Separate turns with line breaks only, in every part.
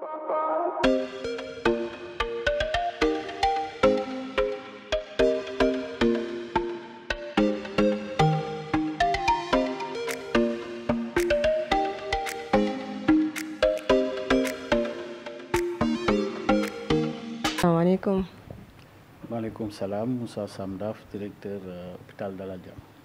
salaamaaleykum. maaleykum salaam Moussa Samdaf directeur hôpital uh, Dalal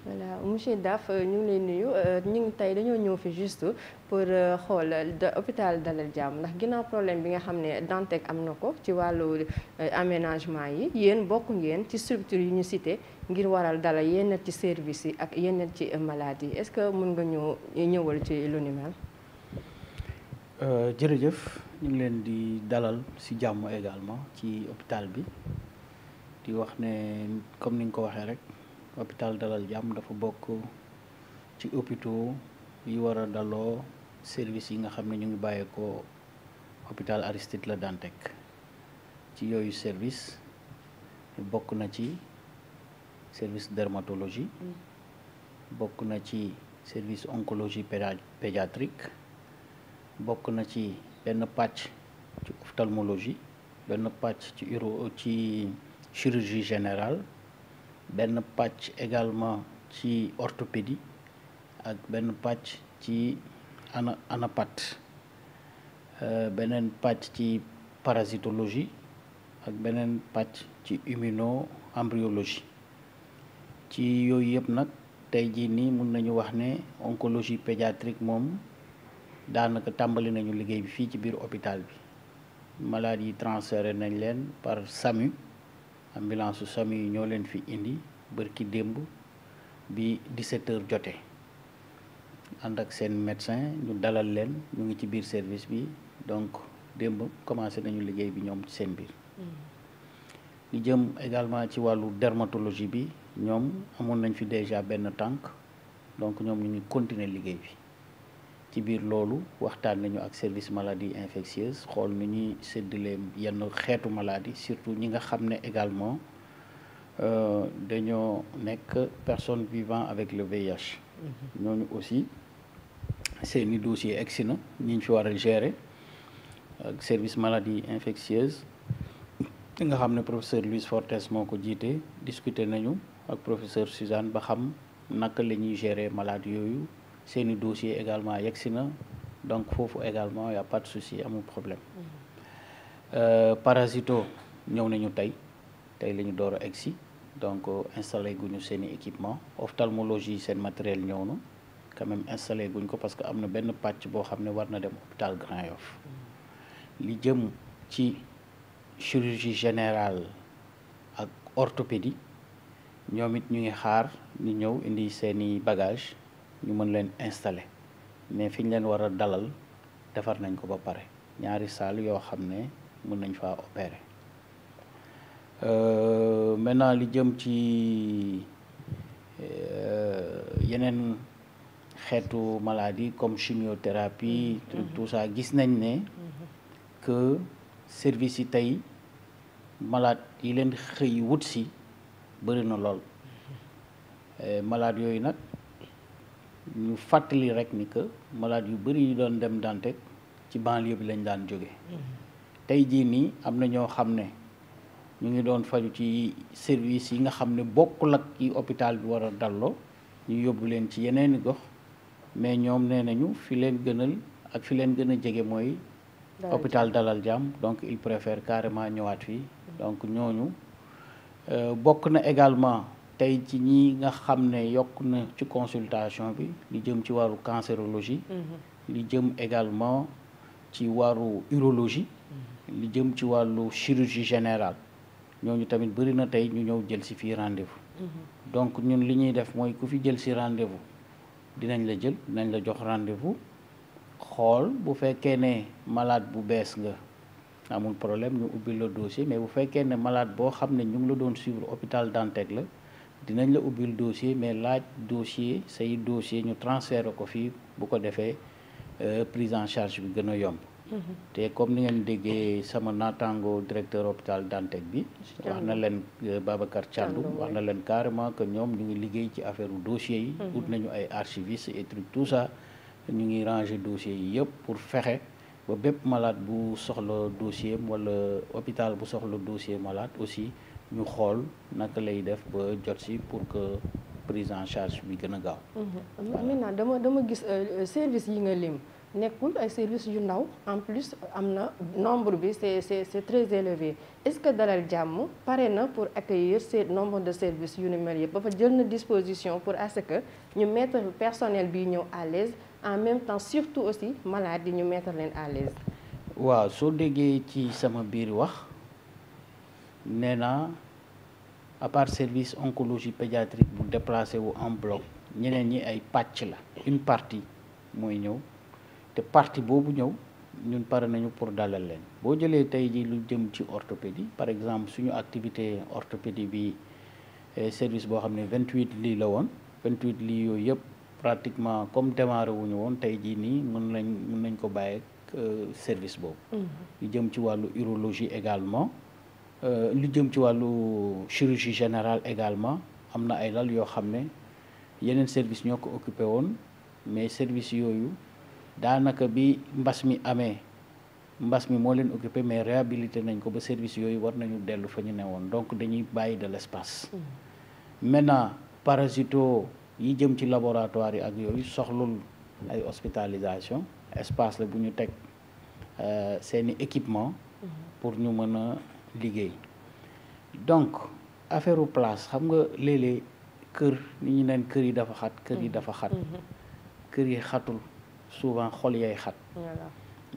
voilà monsieur Daf euh, ñu ngi lay nuyu euh, ñu tey dañoo ñëw fi juste pour euh, xool hôpital Dalal Jàmm ndax ginnaaw problème bi nga xam ne Dantec am na ko ci wàllu aménagement yi yéen bokk ngeen ci structure yu ñu cité ngir waral dala yenn ci service yi ak yeneen ci maladie est-ce que mun nga ñëw ñëwal ci lu ni mel.
jërëjëf ñu ngi leen di dalal si jàmm également ci hôpital bi di wax ne comme ni nga ko waxee rek. hôpital Dalal Jàmm dafa bokk ci hôpitaux yi war a daloo service yi nga xam ne ñu ngi bàyyeekoo hôpital Aristide Le Dantec ci yooyu service bokk na ci service dermatologie bokk na ci service oncologie pédiatrique bokk na ci benn pàcc ci ophtalmologie benn pàcc ci uro ci chirurgie général benn pàcc également ci orthopédie ak benn pàcc ci ana anapat euh, beneen pàcc ci parasitologie ak beneen pàcc ci immuno-embryologie ci yooyu yëpp nag tey jii nii mun nañu wax ne oncologie pédiatrique moom daanaka tàmbali nañu liggéey bi fii ci biir hôpital bi malade yi transféré nañ leen par SAMU ambulance su SAMU yi ñoo leen fi indi bërki démb bi 17 heures jotee ànd ak seen médecin ñu dalal leen ñu ngi ci biir service bi donc démb commencé nañu liggéey bi ñoom seen biir. ñu mm. jëm également ci wàllu dermatologie bi ñoom amoon nañ fi déjà benn tànk donc ñoom ñu ngi continuer liggéey bi. ci biir loolu waxtaan nañu ak service maladie infectieuse xool nu ñuy séddalee yenn xeetu maladie surtout ñi nga xam ne également euh, dañoo nekk personne vivant avec le VIH. Mhm. ñooñu aussi seeni dossier egsi na ñi ñu fi war a gérer ak service maladie infectieuse li nga xam ne professeur Louis Fortes moo ko jiite discuter nañu ak professeur Suzanne ba xam naka la ñuy gérer malade yooyu. seen i dossier également yegg si na donc foofu également y a pas de amul problème euh, parasito ñëw nañu tey tey la door a egg donc euh, installé guñu seen i équipement ophtalmologie seen matériel ñëw na quand même installé guñ ko parce que am na benn pàcc boo xam ne war na dem hôpital Grand Yoff li jëm ci chirurgie générale ak orthopédie ñoom it ñu ngi xaar ñu ñëw indi seen i bagage ñu mën leen installé mais fi ñu leen war a dalal defar nañ ko ba pare ñaari salle yoo xam ne mën nañ faa opérer euh, maintenant li jëm ci euh, yeneen xeetu maladie comme chimiothérapie mm-hmm. tout ça gis nañ ne mm-hmm. que service yi tey malade yi leen xëy wut si bëri na lool mm-hmm. euh, malade yooyu nag ñu fàttali rek ni que yu bëri yu doon dem Dantec ci banlieue bi lañ daan jóge mm-hmm. tey jii nii am na ñoo xam ne ñu ngi doon faju ci service yi nga xam ne bokkul ak yi hôpital bi war a dalloo ñu yóbbu leen ci yeneeni gox mais ñoom nee nañu fi leen gënal ak fi leen gën a jege mooy hôpital Dalal Jàmm donc il préfère carrément ñëwaat fii mm-hmm. donc ñooñu euh, bokk na également tey ci ñi nga xam ne yokk na ci consultation bi li jëm ci wàllu cancérologie
mm-hmm.
li jëm également ci wàllu urologie mm-hmm. li jëm ci wàllu chirurgie générale ñooñu tamit bëri na tey ñu ñëw jël si fi rendez-vous mm-hmm. donc ñun li ñuy def mooy ku fi jël si rendez-vous dinañ la jël dinañ la jox rendez-vous xool bu fekkee ne malade bu bees nga amul problème ñu ubbi la dossier mais bu fekkee ne malaat boo xam ne ñu ngi la doon suivre hôpital Dantec la dinañ la ubbil dossier mais laaj dossier say dossier ñu transféré ko fii bu ko defee euh, prise en charge bi gën a yomb mm-hmm. te comme ni ngeen déggee sama naataango directeur hôpital Dantec bi wax na leen euh, Babacar Thiandoum wax na leen carrément que ñoom ñu ngi liggéey ci affaire dossier yi mm-hmm. ut nañu ay archivistes et truc tout ça ñu ngi ranger dossier yi yëpp pour fexe ba bépp malaat bu soxla dossier wala hôpital bu soxla dossier malade aussi ñu xool naka lay def ba jot si pour que prise en charge bi gën a gaaw.
Mhm. maintenant dama dama gis euh, euh, service yi nga lim nekkul ay service yu ndaw en plus am na nombre bi c'est c'est c'est très élevé est-ce que Dalal Jàmm pare na pour accueillir ce nombre de services yu ni mel yëpp ba fa jël na disposition pour à ce que ñu mettre personnel bi ñëw à l'aise en même temps surtout aussi malade yi ñu mettre leen à l'aise.
waaw soo déggee ci sama biir wax. nee naa à part service oncologie pédiatrique bu déplacé wu en bloc ñeneen ñi ay pàcc la une partie mooy ñëw te partie boobu ñëw ñun pare nañu pour dalal leen boo jëlee tey ji lu jëm ci orthopédie par exemple suñu activité orthopédie bi eh, service boo xam ne vingt 28 lii la woon vingt 28 lii yooyu yëpp pratiquement comme démarré wuñu woon tey jii nii mun nañ mën nañ ko bàyyi ak euh, service boobu. Mm-hmm. lu jëm ci wàllu urologie également. Euh, lu jëm ci wàllu chirurgie générale également am na ay lal yoo xam ne yeneen service ñoo ko occupé woon mais service yooyu daanaka bi mbas mi amee mbas mi moo leen occupé mais réhabilité nañ ko ba service yooyu war nañu dellu fa ñu ne woon donc dañuy bàyyi de l'espace mm. maintenant parasito yi jëm ci laboratoire yi ak yooyu soxlul ay hospitalisation espace la bu ñu teg euh, seeni équipement mm. pour ñu mën liggéey donc affaire u place xam nga léeg-léeg kër ni ñu naan kër yi dafa xat kër yi dafa xat mhm. kër yi xatul souvent xol yay xat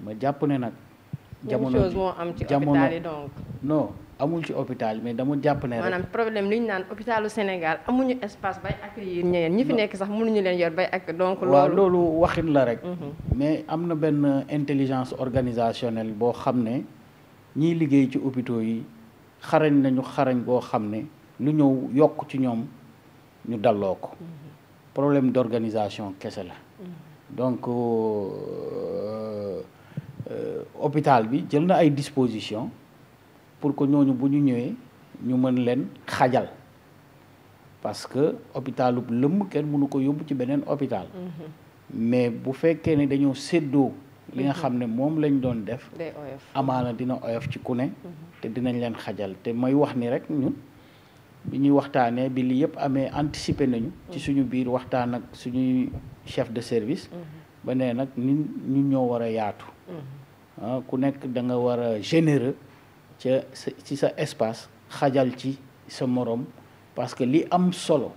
ma jàpp ne nag jamono jamono non amul ci hôpital mais dama jàpp ne rek maanaam
problème li ñu naan hôpitalu Sénégal amuñu espace bay accueillir ñeneen ñi fi nekk sax mënuñu leen yor bay ak donc loolu waaw loolu
waxin la rek mhm. mais am na benn intelligence organisationnelle boo xam ne ñiy liggéey ci hôpitaux yi xarañ nañu xarañ boo xam ne lu ñëw yokk ci ñoom ñu dalloo ko mm-hmm. problème d'organisation kese la
mm-hmm.
donc euh, euh, hôpital bi jël na ay dispositions pour que ñooñu bu ñu ñëwee ñu mën leen xajal parce que hôpitalu lëmm kenn mënu ko yóbbu ci beneen hôpital
mm-hmm.
mais bu fekkee ne dañoo séddoo li nga xam ne moom lañ doon def amaana dina oyof ci ku ne mhm. te dinañ leen xajal te may wax ni rek ñun bi ñuy waxtaanee bi li yëpp amee anticiper nañu ci mhm. suñu biir waxtaan ak suñuy chef de service mhm. ba nee nag ni ñu ñoo war a yaatu ah, ku nekk danga nga war a généreux ca ci sa espace xajal ci sa moroom parce que li am solo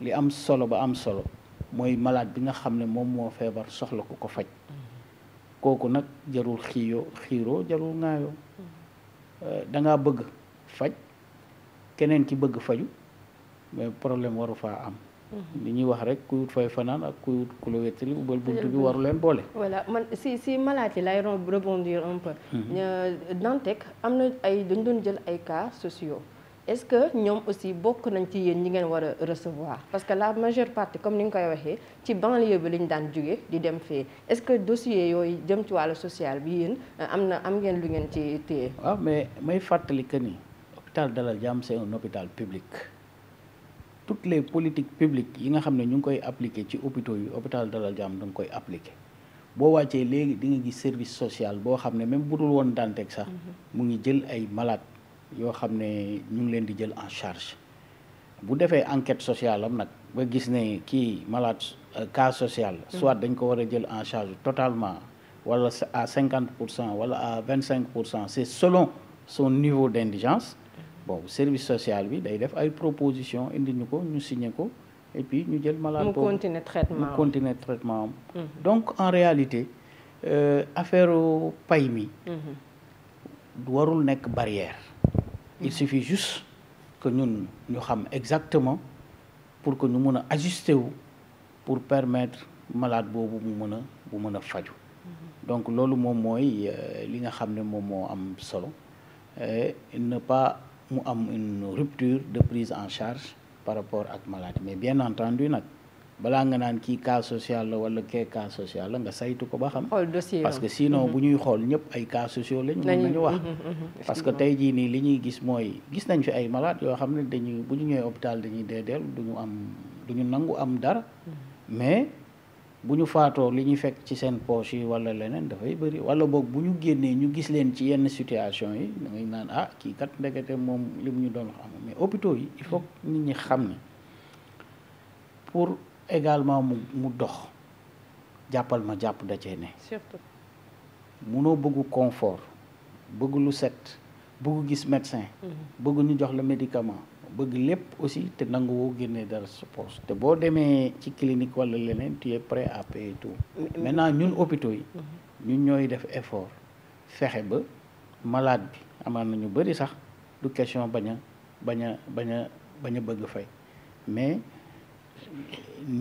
li am solo ba am solo mooy malaat bi nga xam ne moom moo feebar soxla ku ko faj kooku nag jarul xiiyoo xiiroo jarul ŋaayoo euh, danga bëgg faj keneen ki bëgg faju mais problème waru faa am
mm-hmm.
li ñuy wax rek kuy wut fay fanaan ak kuy wut ku la wettali ubbal bunt bi mm-hmm. waru leen boole.
voilà man si si malade yi lay rebondir un peu. Mm-hmm. Euh, Dantec am na ay dañ doon jël ay cas sociaux. est-ce que ñoom aussi bokk nañ ci yéen ñi ngeen war a recevoir parce que la majeure partie comme ni nga koy waxee ci banlieue bi lañ daan jóge di dem fee est-ce que dossier yooyu jëm ci wàllu social bi yéen euh, am na am ngeen lu ngeen ci téye.
waaw ah, mais may fàttali que ni hôpital Dalal Jàmm c'est un hôpital public toutes les politiques publiques yi nga xam ne ñu ngi koy appliquer ci hôpitaux yi hôpital Dalal Jàmm da nga koy appliquer. boo wàccee léegi di nga gis service social boo xam ne même bu dul woon Dantec sax mm-hmm. mu ngi jël ay malade yoo xam ne ñu ngi leen di jël en charge bu defee enquête sociale am nag ba gis ne kii malade euh, cas sociale soit mm. dañ ko war a jël en charge totalement wala à cinquante pour cent wala à vingt cinq pour cent c'est selon son niveau d'indigence bon service social bi day def ay proposition indi ñu ko ñu signé ko et puis ñu jël malade mu continuer
traitement mu continuer traitement am mm-hmm.
donc en réalité euh, affaire pay mi
mm-hmm.
warul nekk barrière il suffit juste que ñun ñu xam exactement pour que ñu mën a ajuster wu pour permettre malade boobu mu mën a mën a faju donc loolu moom mooy euh, li nga xam ne moom moo am solo euh, ne pas mu am une rupture de prise en charge par rapport ak maladie mais bien entendu nag balaa nga naan kii cas social la wala kee cas social la nga saytu ko ba xam. xool dossier que sinon mm-hmm. bu ñuy xool ñëpp ay cas sociaux lañ. mën wax mm-hmm,
mm-hmm. parce que tey
jii nii li ñuy gis mooy gis nañ fi ay malade yoo xam ne dañuy bu ñu ñëwee hôpital dañuy deedeel du ñu am du ñu nangu am dara. mais bu ñu faatoo li ñuy fekk ci seen poche yi wala leneen dafay bëri wala boog bu ñu génnee ñu gis leen ci yenn situation yi da ngay naan ah kii kat ndekete moom li mu ñu doon xam mais hôpitaux yi il faut nit ñi xam ne également mu mu dox jàppal ma jàpp da cee ne. mu noo bëgg confort bëgg lu set bëgg gis médecin. Mm-hmm. bëggu ñu jox la médicament bëgg lépp aussi te nanguwoo génnee dara sa te boo demee ci clinique wala leneen tu es prêt à payer tout. Mm-hmm. ñun hôpitaux yi. Mm-hmm. ñun ñooy def effort fexe ba malade bi amaan na ñu bëri sax du question bañ a bañ a bañ bëgg fay mais.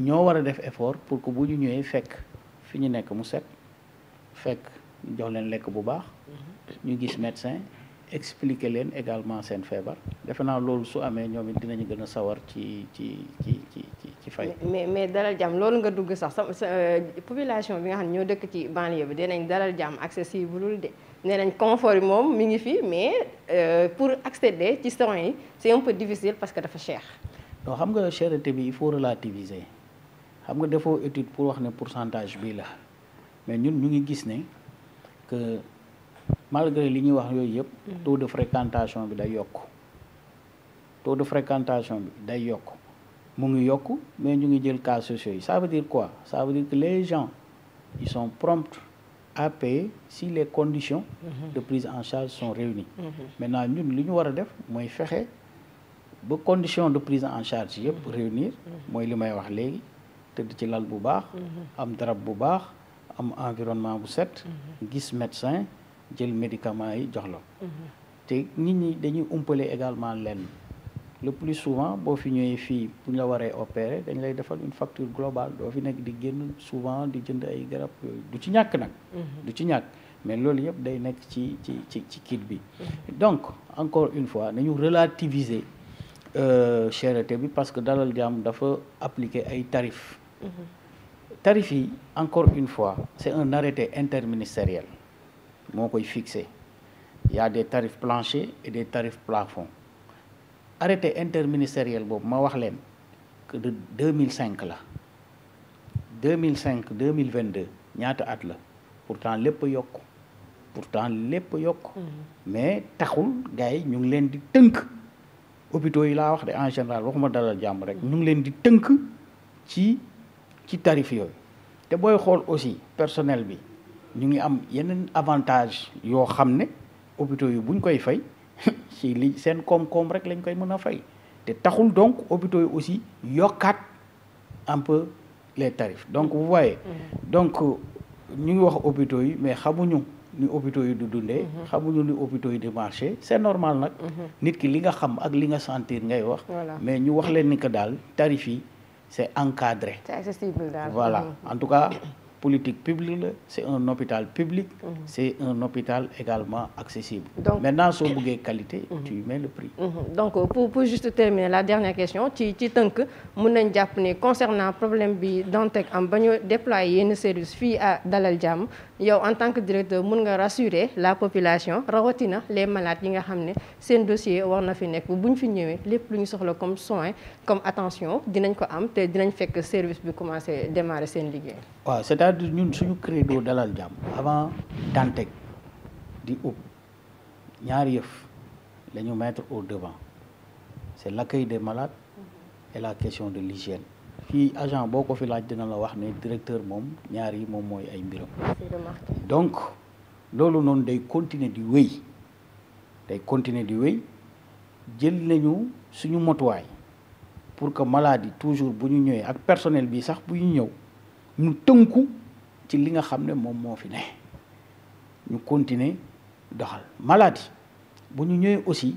ñoo war a def effort pour que bu ñu ñëwee fekk fi ñu nekk mu set fekk jox leen lekk bu baax ñu gis médecin expliquer leen également seen feebar defe naa loolu su amee ñoom it dinañu gën a sawar ci ci ci ci ci fay.
mais mais dalal jàmm loolu nga dugg sax sa euh, population bi nga xam ne ñoo dëkk ci banlieue bi nañ daral jàmm accessible de nee nañ confort yi moom mi ngi fi mais euh, pour accéder ci soins yi c'est un peu difficile parce que dafa cher.
donc xam nga cherté bi il faut relativiser xam nga defoo étude pour wax ne pourcentage bii la mais ñun ñu ngi gis ne que malgré li ñuy wax yooyu yëpp mm. taux de fréquentation bi day yokk taux de fréquentation bi day yokk mu ngi yokk mais ñu ngi jël cas sociaux yi ça veut dire quoi ça veut dire que les gens ils sont prompts à si les conditions mm-hmm. de prise en charge sont réunies mm-hmm. maintenant ñun li ñu war a def mooy fexe ba condition de prise en charge yëpp réunir mooy li may wax léegi tëdd ci lal bu baax mm-hmm. am darab bu baax am environnement bu set mm-hmm. gis médecin jël médicament yi jox la mm-hmm. te nit ñi dañuy umpale également lenn le plus souvent boo fi ñëwee fii bu ñu la waree opérer dañ lay defal une facture globale doo fi nekk di génn souvent di jënd ay garab du ci ñàkk nag du ci ñàkk mais loolu yëpp day nekk ci ci ci ci kit bi donc encore une fois nañu relativiser Euh, cherté bi parce que dalal jàmm dafa appliquer ay tarif mhm. tarif yi encore une fois c'est un arrêté interministériel moo koy fixé il y a des tarifs planchers et des tarifs plafonds arrêté interministériel boobu ma wax leen que de 2005 la 2005 2022 ñaata at la pourtant lépp yokk pourtant lépp yokk mhm. mais taxul gars yi ñu ngi leen di tënk hôpitaux yi laa wax de en général waxuma dalal jàmm rek ñu ngi leen di tënk ci ci tarif yooyu te booy xool aussi personnel bi ñu ngi am yeneen avantage yoo xam ne hôpitaux yi buñ koy fay ci li seen koom-koom rek lañ koy mën a fay te taxul donc hôpitaux yi aussi yokkaat un peu les tarifs donc vous voyez mm-hmm. donc euh, ñu ngi wax hôpitaux yi mais xamuñu ni hôpitaux yi du dundee. Mhm. xamuñu ni hôpitaux yi di marché c'est normal nag. Mhm. nit ki li nga xam ak li nga sentir ngay wax. mais ñu wax leen ni daal tarif c'est encadré. voilà mhm. en tout cas. politique publique la c' est un hôpital public. Mhm. c' est un hôpital également accessible. donc maintenant soo bëggee qualité. Mhm. tu mets le prix.
Mhm. donc pour pour juste terminer la dernière question ci tënk mun nañ jàpp ne concernant problème bi Dantec am ba ñu déployer yenn service fii à Dalal Jàmm yow en tant que directeur mun nga rassurer la population rawatina les malaat yi nga xam ne seen dossier war na fi nekk bu ñu fi ñëwee lépp lu ñu soxla comme soin comme attention dinañ am te dinañ fekk service bi commencé démarrer seen liggéey.
c'est-à-dire ñun suñu credo dalal jàmm avant Dantec di ub ñaari yëf la ñu mettre au devant c'est l'accueil des malades et la question de l'hygiène fii agent boo ko fi laaj dina la wax ne directeur moom ñaar moom mooy ay mbiram donc loolu noonu day continuer di wéy day continuer di wéy jël nañu suñu motuwaay pour que malade toujours bu ñu ñëwee ak personnel bi sax bu ñu ñëw ñu tënku ci li nga xam ne moom moo fi ne ñu continuer doxal maladie bu ñu ñëwee aussi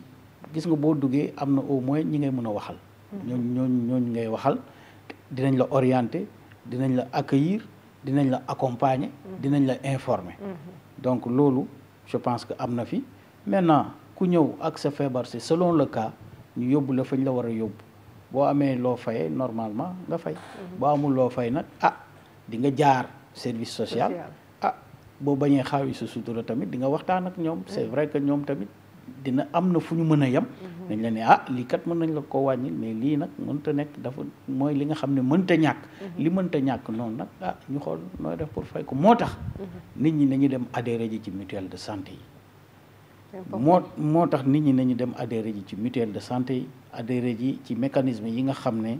gis nga boo duggee am na au moins ñi ngay mën a waxal
mm-hmm.
ñooñ ñooñ ngay waxal dinañ la orienter dinañ la accueillir dinañ la accompagner mm-hmm. dinañ la informer
mm-hmm.
donc loolu je pense que am na fi maintenant ku ñëw ak sa feebar si selon le cas ñu yóbbu la fañ la war a yóbbu boo amee loo fayee normalement nga fay boo amul loo fay nag ah di nga jaar service social ah boo bañee xaawi sa sutura tamit dinga waxtaan ak ñoom c'est mm. vrai que ñoom tamit dina am na fu ñu mën a yem mm-hmm. dañ la ne ah lii kat mën nañ la ko wàññil mais lii nag mënta nekk dafa mooy li nga xam ne mënta ñàkk mm-hmm. li mënta ñàkk noonu nag ah ñu xool nooy def pour fay ko moo tax
mm-hmm.
nit ñi nañu dem adhéré ji ci mutuelle de santé yi moo moo tax nit ñi nañu dem adhéré ji ci mutuelle de santé yi adhéré ji ci mécanisme yi nga xam ne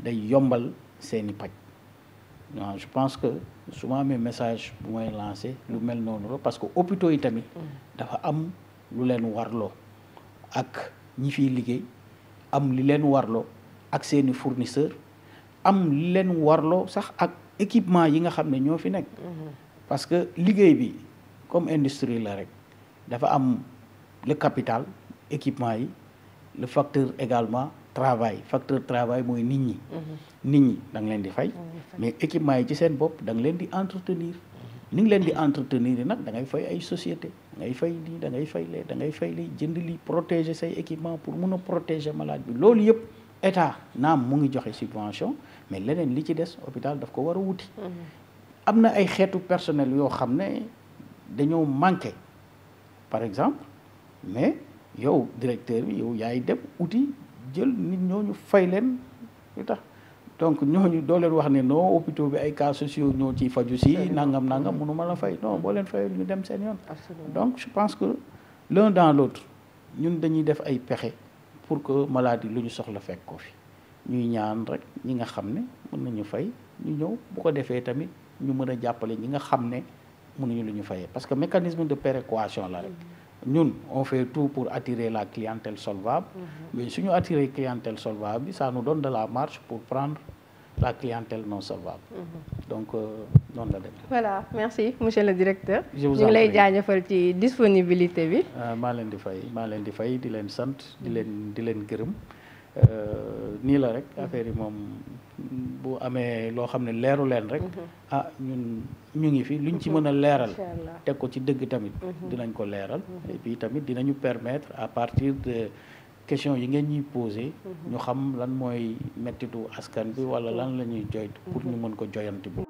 day yombal seeni paj waaw je pense que souvent amee message bu may lancé lu mel noonu la parce que hôpitaux yi tamit mm. dafa am lu leen warloo ak ñi fi liggéey am li leen warloo ak seeni fournisseur am li leen warloo sax ak équipement yi nga xam ne ñoo fi nekk mm-hmm. parce que liggéey bi comme industrie la rek dafa am le capital équipement yi le facteur également travail facteur travail mooy nit ñi mm-hmm. nit ñi da nga leen di fay mais équipement yi ci seen bopp danga leen di entretenir ni nga leen di entretenir yi nag dangay ngay ay société da ngay fay lii da ngay fay lee da fay lii jënd lii protéger say équipement pour mun a protéger malade bi loolu yëpp état naam mu ngi joxe subvention mais leneen li ci des hôpital daf ko war a wuti
mm-hmm.
am na ay xeetu personnel yoo xam ne dañoo manqué par exemple mais yow directeur yi yow yaay dem uti jël nit ñooñu fay leen lu donc ñooñu doo leen wax ne non hôpitaux bi ay cas sociaux ñoo ciy faju si nangam nangam mënu ma la fay non boo leen fayul ñu dem seen yoon donc je pense que l'un dans l'autre ñun dañuy def ay pexe pour que maladie lu ñu soxla fekk ko fi ñuy ñaan rek ñi nga xam ne mën nañu fay ñu ñëw bu ko defee tamit ñu mën a jàppale ñi nga xam ne mënuñu lu ñu fayee parce que mécanisme de péréquation la rek mm-hmm. ñun on fait tout pour attirer la clientèle solvable mm-hmm. mais suñu attirer clientèle solvable bi ça nous donne de la marge pour prendre la clientèle non solvable mm-hmm. donc euh, noonu la demee
voilà merci monsieur le directeur ñu lay jaajëfal ci disponibilité bi
euh, maa leen di fay maa leen di fay di leen sant di mm-hmm. leen di leen gërëm euh, nii la rek affaire yi moom bu amee loo xam ne leeru leen rek mhm. ah ñun ñu ngi fi luñ ci mën a leeral teg ko ci dëgg tamit mhm. dinañ ko leeral mhm. et tamit dinañu permettre à partir de question yi ngeen ñuy posé ñu xam lan mooy mettitu askan bi wala lan la ñuy joytu pour ñu mën ko joyanti bu